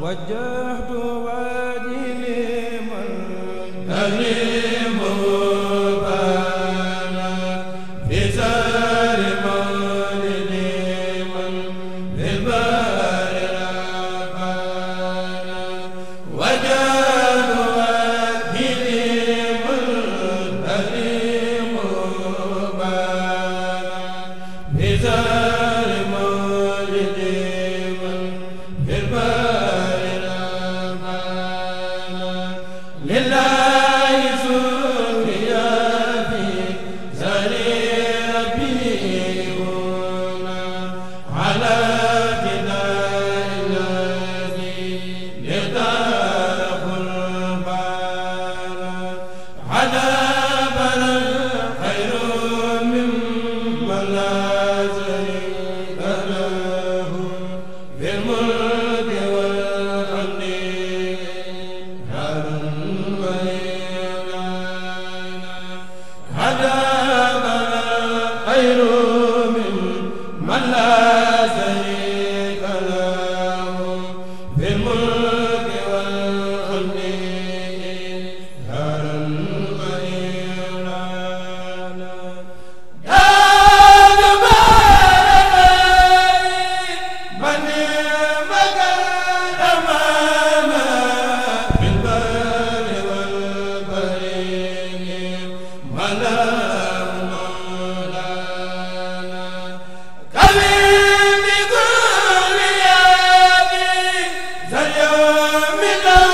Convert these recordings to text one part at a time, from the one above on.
wajjahtu la la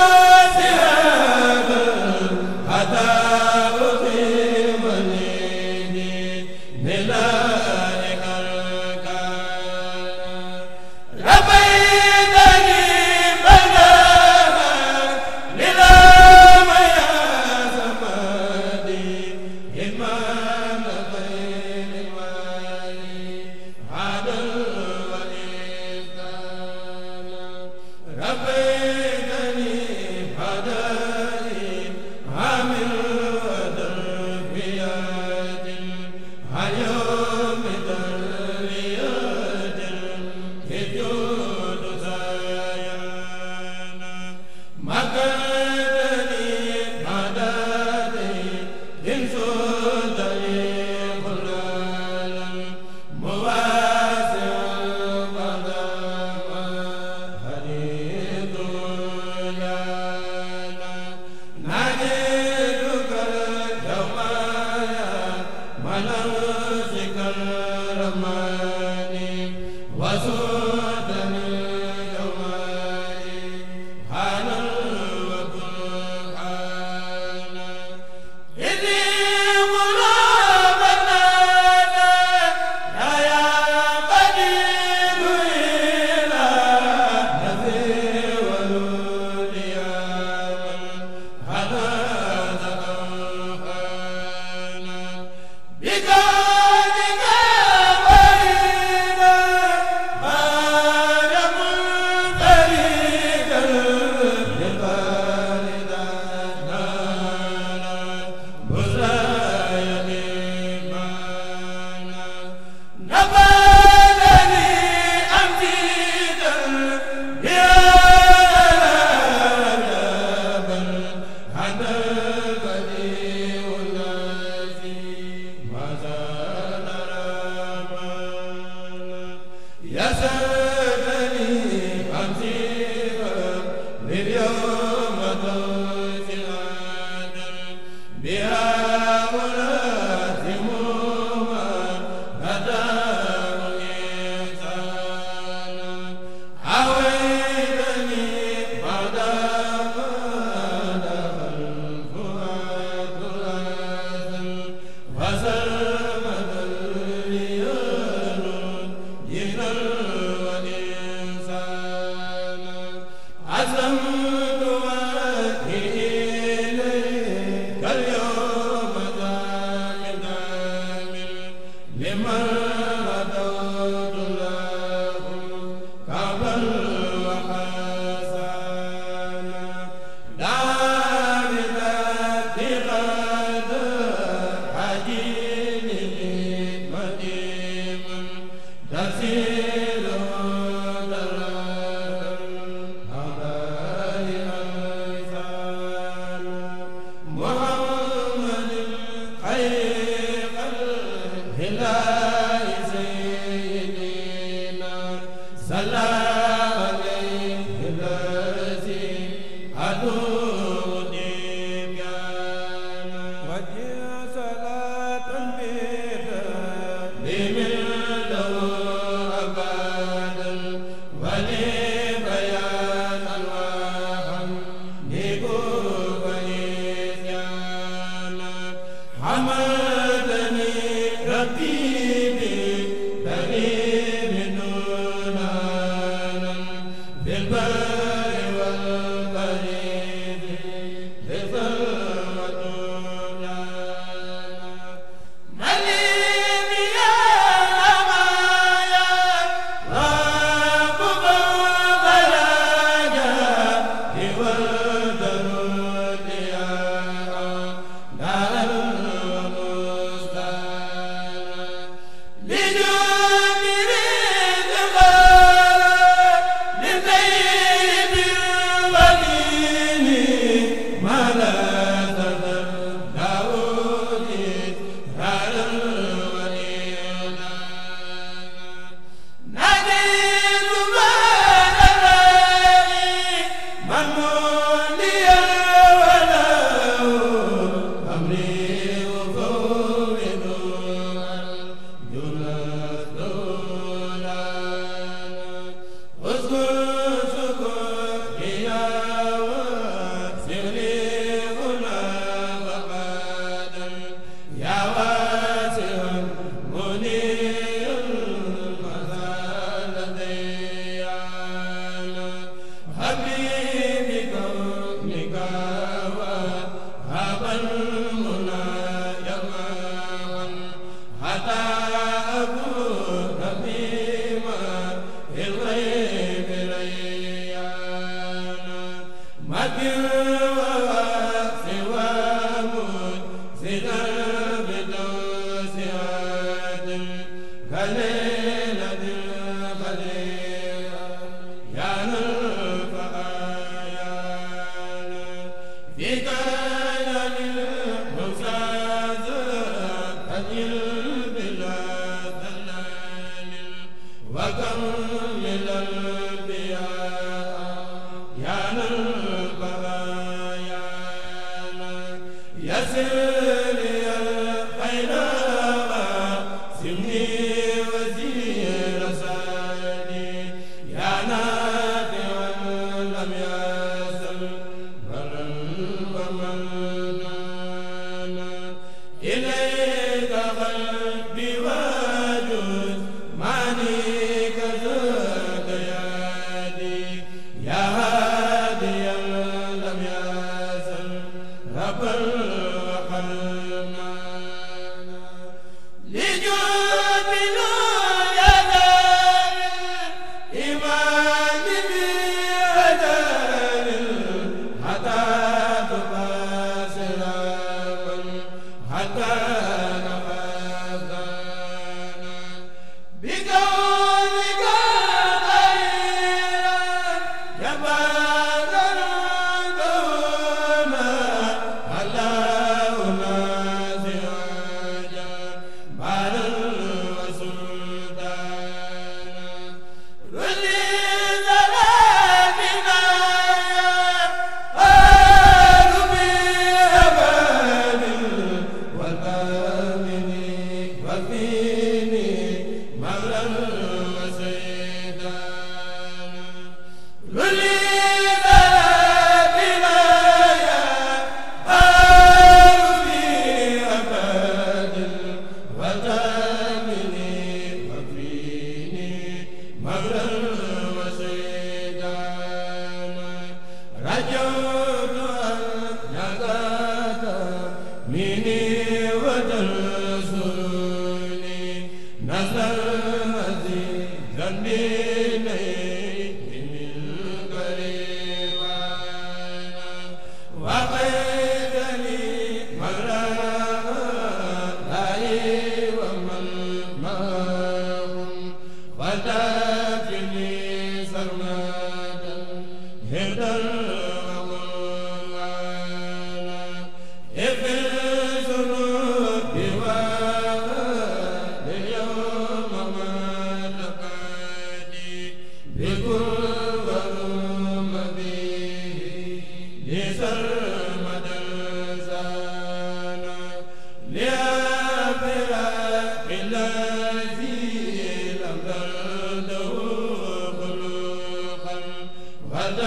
inni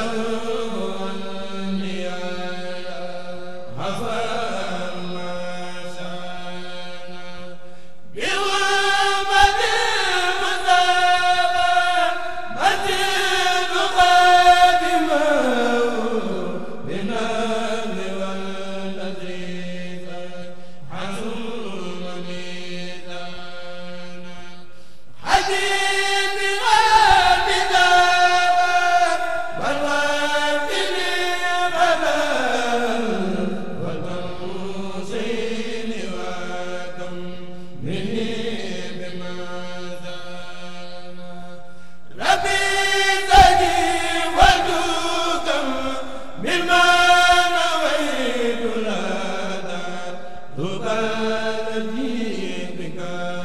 la ka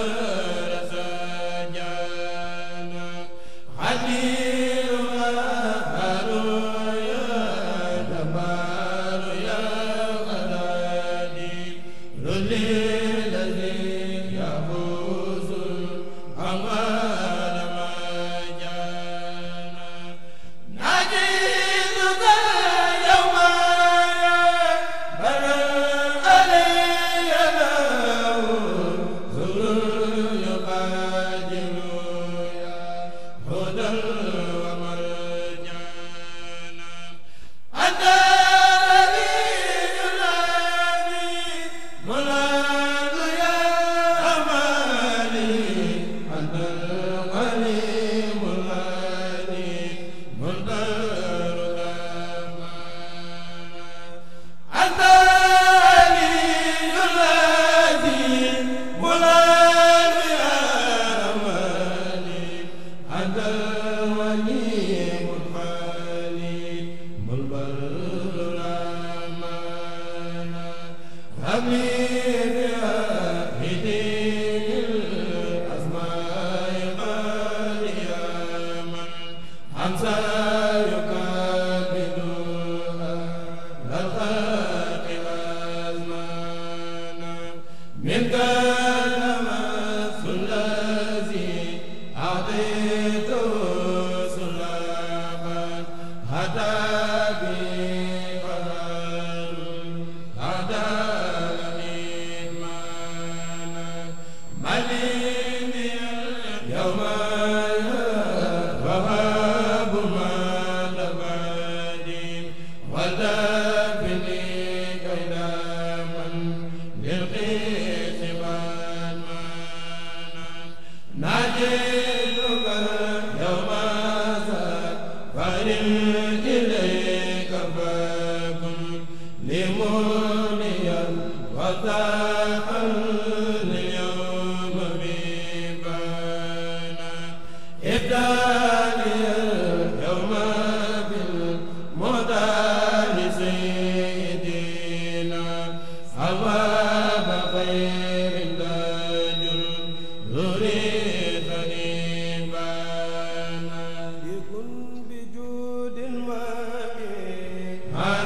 la amiin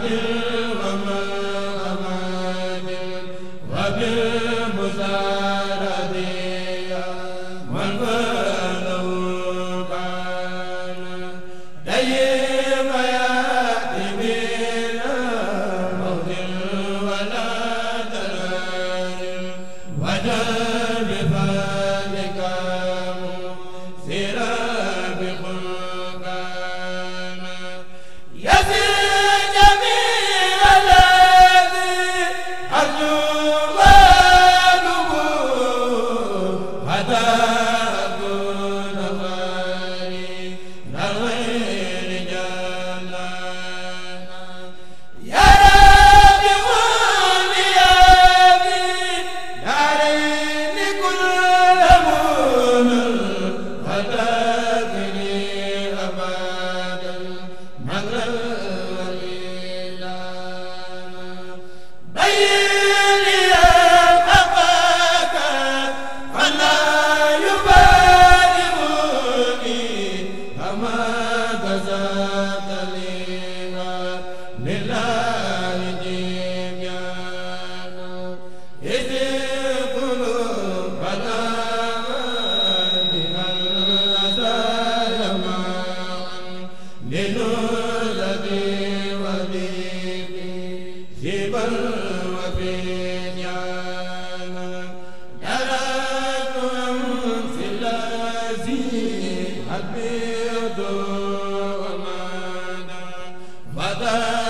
Amen la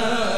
la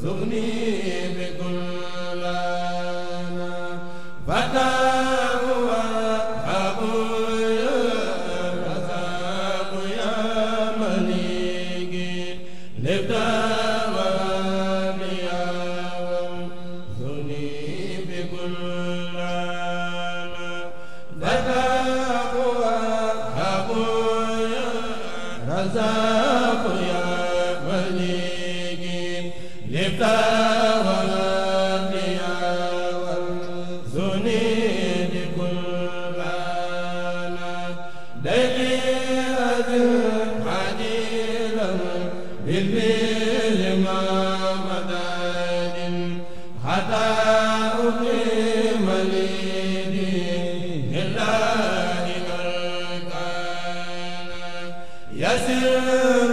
zuni ilaha illa anta yasir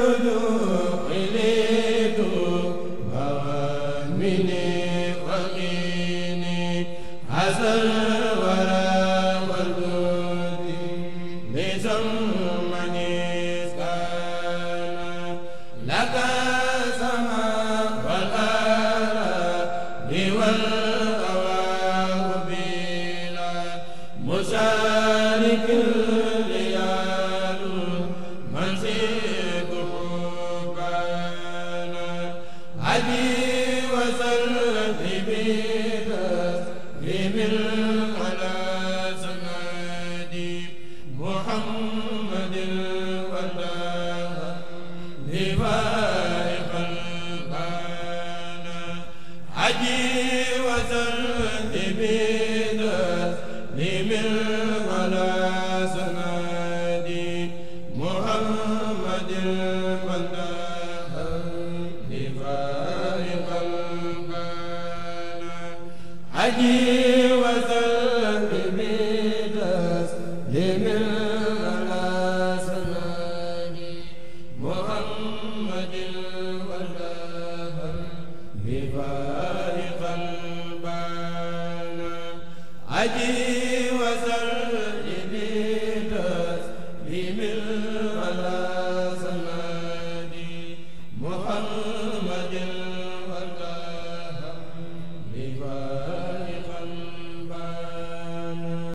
aji